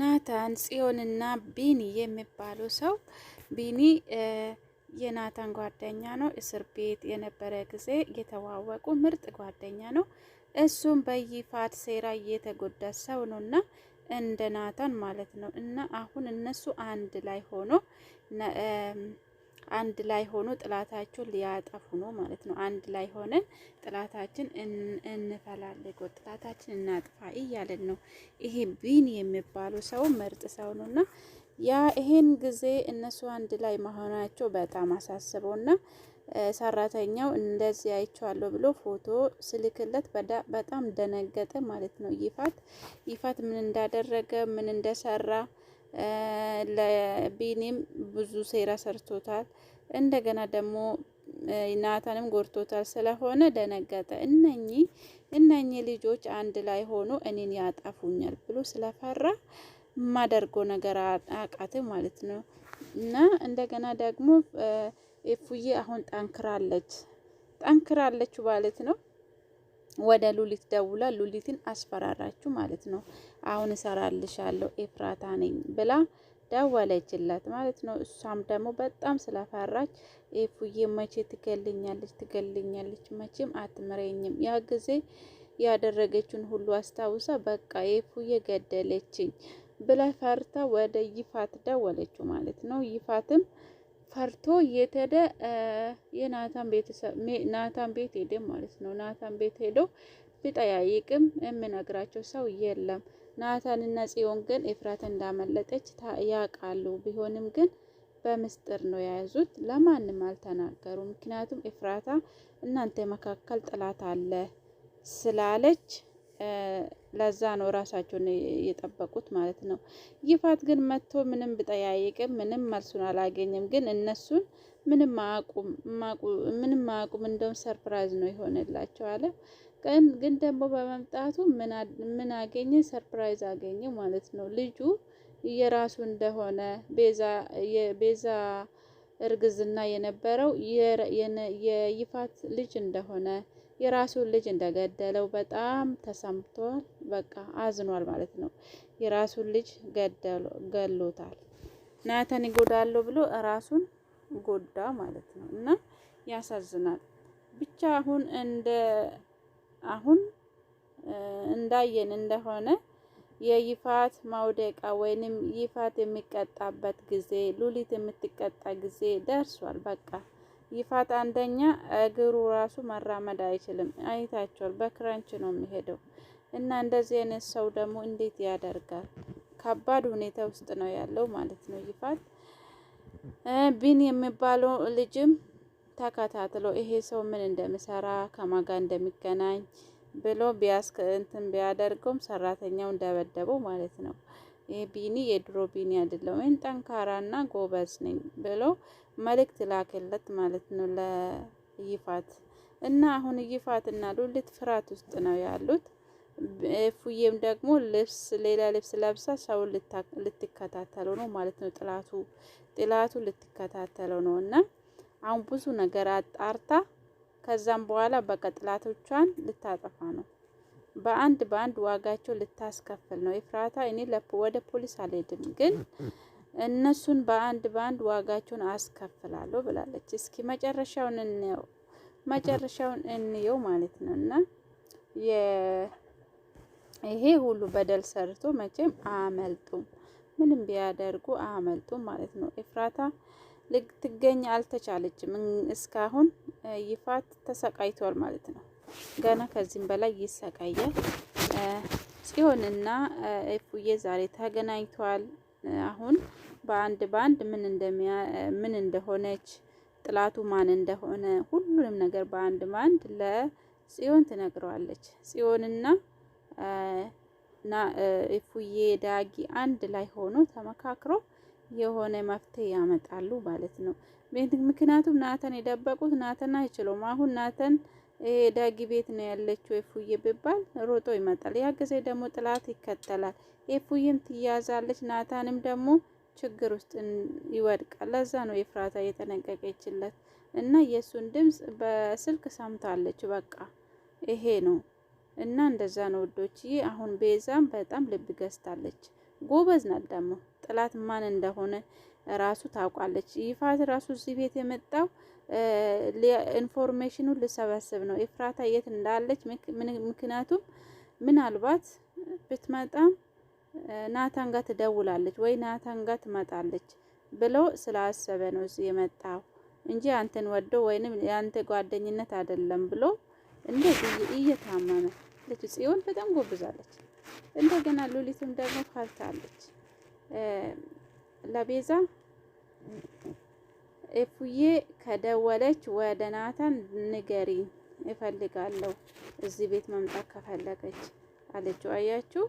ናታን ጽዮንና ቢኒ የሚባሉ ሰው ቢኒ የናታን ጓደኛ ነው። እስር ቤት የነበረ ጊዜ የተዋወቁ ምርጥ ጓደኛ ነው። እሱም በይፋት ሴራ እየተጎዳ ሰው ነው እና እንደ ናታን ማለት ነው እና አሁን እነሱ አንድ ላይ ሆኖ አንድ ላይ ሆኖ ጥላታቸው ሊያጠፉ ነው ማለት ነው። አንድ ላይ ሆነን ጥላታችን እንፈላልገው፣ ጥላታችን እናጥፋ እያለን ነው። ይሄ ቢን የሚባሉ ሰው ምርጥ ሰው ነው እና ያ ይሄን ጊዜ እነሱ አንድ ላይ መሆናቸው በጣም አሳስበውና ሰራተኛው እንደዚህ አይቼዋለሁ ብሎ ፎቶ ስልክለት በጣም ደነገጠ ማለት ነው። ይፋት ይፋት ምን እንዳደረገ ምን እንደሰራ ለቢኒም ብዙ ሴራ ሰርቶታል። እንደገና ደግሞ ናታንም ጎርቶታል። ስለሆነ ደነገጠ። እነኚህ እነኚህ ልጆች አንድ ላይ ሆኖ እኔን ያጠፉኛል ብሎ ስለፈራ ማደርጎ ነገር አቃት ማለት ነው። እና እንደገና ደግሞ ኢፉዬ አሁን ጠንክራለች ጠንክራለች ማለት ነው። ወደ ሉሊት ደውላ ሉሊትን አስፈራራችሁ ማለት ነው። አሁን እሰራልሻለሁ ኤፍራታ ነኝ ብላ ደወለችላት ማለት ነው። እሷም ደግሞ በጣም ስለፈራች ኤፉዬ መቼ ትገልኛለች ትገልኛለች፣ መቼም አትምረኝም። ያ ጊዜ ያደረገችውን ሁሉ አስታውሳ በቃ ኤፉዬ ገደለችኝ ብላ ፈርታ ወደ ይፋት ደወለችው ማለት ነው። ይፋትም ፈርቶ እየተደ የናታን ቤተሰብ ናታን ቤት ሄደ ማለት ነው። ናታን ቤት ሄዶ ቢጠያይቅም የምነግራቸው ሰው የለም። እና ጽዮን ግን ኤፍራት እንዳመለጠች ያውቃሉ። ቢሆንም ግን በምስጢር ነው የያዙት። ለማንም አልተናገሩ። ምክንያቱም ኤፍራታ እናንተ መካከል ጥላት አለ ስላለች ለዛ ነው ራሳቸውን የጠበቁት ማለት ነው። ይፋት ግን መጥቶ ምንም ብጠያይቅም ምንም መልሱን አላገኝም። ግን እነሱን ምንም አያውቁም፣ ምንም አያውቁም። እንደውም ሰርፕራይዝ ነው የሆነላቸው አለ። ግን ደግሞ በመምጣቱ ምን አገኘ? ሰርፕራይዝ አገኘ ማለት ነው። ልጁ የራሱ እንደሆነ ቤዛ እርግዝና የነበረው የይፋት ልጅ እንደሆነ የራሱን ልጅ እንደገደለው በጣም ተሰምቷል። በቃ አዝኗል ማለት ነው። የራሱን ልጅ ገሎታል። ናታን ይጎዳሉ ብሎ ራሱን ጎዳ ማለት ነው። እና ያሳዝናል። ብቻ አሁን እንደ አሁን እንዳየን እንደሆነ የይፋት ማውደቃ ወይንም ይፋት የሚቀጣበት ጊዜ ሉሊት የምትቀጣ ጊዜ ደርሷል። በቃ ይፋት አንደኛ እግሩ ራሱ መራመድ አይችልም። አይታቸዋል። በክረንች ነው የሚሄደው እና እንደዚህ አይነት ሰው ደግሞ እንዴት ያደርጋል? ከባድ ሁኔታ ውስጥ ነው ያለው ማለት ነው። ይፋት ቢን የሚባለው ልጅም ተከታትሎ ይሄ ሰው ምን እንደሚሰራ ከማጋ እንደሚገናኝ ብሎ ቢያስከ እንትን ቢያደርገውም ሰራተኛው እንደበደበው ማለት ነው። ቢኒ የድሮ ቢኒ አይደለም ወይም ጠንካራና ጎበዝ ነኝ ብሎ መልእክት ላከለት ማለት ነው ለይፋት እና አሁን ይፋት እና ሉሊት ፍርሃት ውስጥ ነው ያሉት። እፉዬም ደግሞ ልብስ ሌላ ልብስ ለብሳ ሰው ልትከታተለው ነው ማለት ነው። ጥላቱ ጥላቱ ልትከታተለው ነው እና አሁን ብዙ ነገር አጣርታ ከዛም በኋላ በቃ ጥላቶቿን ልታጠፋ ነው። በአንድ በአንድ ዋጋቸው ልታስከፍል ነው። ኤፍራታ እኔ ወደ ፖሊስ አልሄድም፣ ግን እነሱን በአንድ በአንድ ዋጋቸውን አስከፍላለሁ ብላለች። እስኪ መጨረሻውን እንየው፣ መጨረሻውን እንየው ማለት ነው እና ይሄ ሁሉ በደል ሰርቶ መቼም አመልጡም፣ ምንም ቢያደርጉ አመልጡም ማለት ነው። ኤፍራታ ልትገኝ አልተቻለችም። እስካሁን ይፋት ተሰቃይቷል ማለት ነው። ገና ከዚህም በላይ ይሰቃያል። ጽዮንና እፉዬ ዛሬ ተገናኝተዋል። አሁን በአንድ በአንድ ምን እንደሚያ ምን እንደሆነች ጥላቱ ማን እንደሆነ ሁሉንም ነገር በአንድ በአንድ ለጽዮን ትነግረዋለች። ጽዮንና ና እፉዬ ዳጊ አንድ ላይ ሆኖ ተመካክሮ የሆነ መፍትሄ ያመጣሉ ማለት ነው። ምክንያቱም ናተን የደበቁት ናተን አይችሉም። አሁን ናተን ይሄ ዳጊ ቤት ነው ያለችው ኤፉዬ ቢባል ሮጦ ይመጣል። ያ ጊዜ ደግሞ ጥላት ይከተላል። ኤፉዬም ትያዛለች። ናታንም ደግሞ ችግር ውስጥ ይወድቃል። ለዛ ነው ኤፍራታ የተነቀቀችለት እና የእሱን ድምፅ በስልክ ሰምታለች። በቃ ይሄ ነው እና እንደዛ ነው ውዶችዬ። አሁን ቤዛም በጣም ልብ ገዝታለች። ጎበዝ ናት ደግሞ ጥላት ማን እንደሆነ ራሱ ታውቃለች ይፋት ራሱ እዚህ ቤት የመጣው ኢንፎርሜሽኑን ልሰበስብ ነው ኤፍራታ የት እንዳለች። ምክንያቱም ምናልባት ብትመጣም ናታን ጋር ትደውላለች ወይ ናታን ጋር ትመጣለች ብሎ ስላሰበ ነው እዚህ የመጣው እንጂ አንተን ወዶ ወይንም የአንተ ጓደኝነት አይደለም ብሎ እንደዚህ እየታመመ ልጅ ጽዮን በጣም ጎብዛለች። እንደገና ሉሊትም ደግሞ ፈርታለች። ለቤዛ ኤፉዬ ከደወለች ወደ ናታን ንገሪ እፈልጋለሁ እዚህ ቤት መምጣት ከፈለገች አለችው። አያችሁ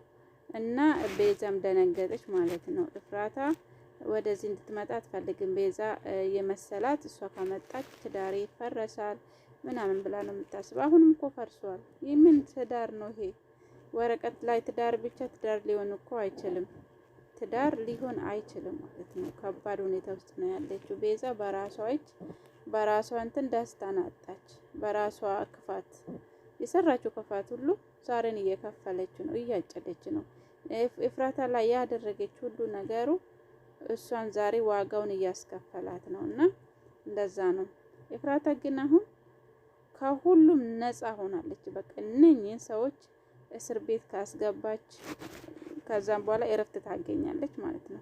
እና ቤዛም ደነገጠች ማለት ነው። እፍራታ ወደዚህ እንድትመጣ አትፈልግም። ቤዛ የመሰላት እሷ ከመጣች ትዳር ይፈረሳል ምናምን ብላ ነው የምታስብ። አሁንም እኮ ፈርሷል። ይህ ምን ትዳር ነው ይሄ? ወረቀት ላይ ትዳር ብቻ ትዳር ሊሆን እኮ አይችልም። ትዳር ሊሆን አይችልም ማለት ነው። ከባድ ሁኔታ ውስጥ ነው ያለችው ቤዛ። በራሷ እጅ በራሷ እንትን ደስታን አጣች። በራሷ ክፋት የሰራችው ክፋት ሁሉ ዛሬን እየከፈለች ነው፣ እያጨደች ነው። እፍራታ ላይ ያደረገች ሁሉ ነገሩ እሷን ዛሬ ዋጋውን እያስከፈላት ነው። እና እንደዛ ነው። እፍራታ ግን አሁን ከሁሉም ነፃ ሆናለች። በቃ እነኝህን ሰዎች እስር ቤት ካስገባች ከዛም በኋላ እረፍት ታገኛለች ማለት ነው።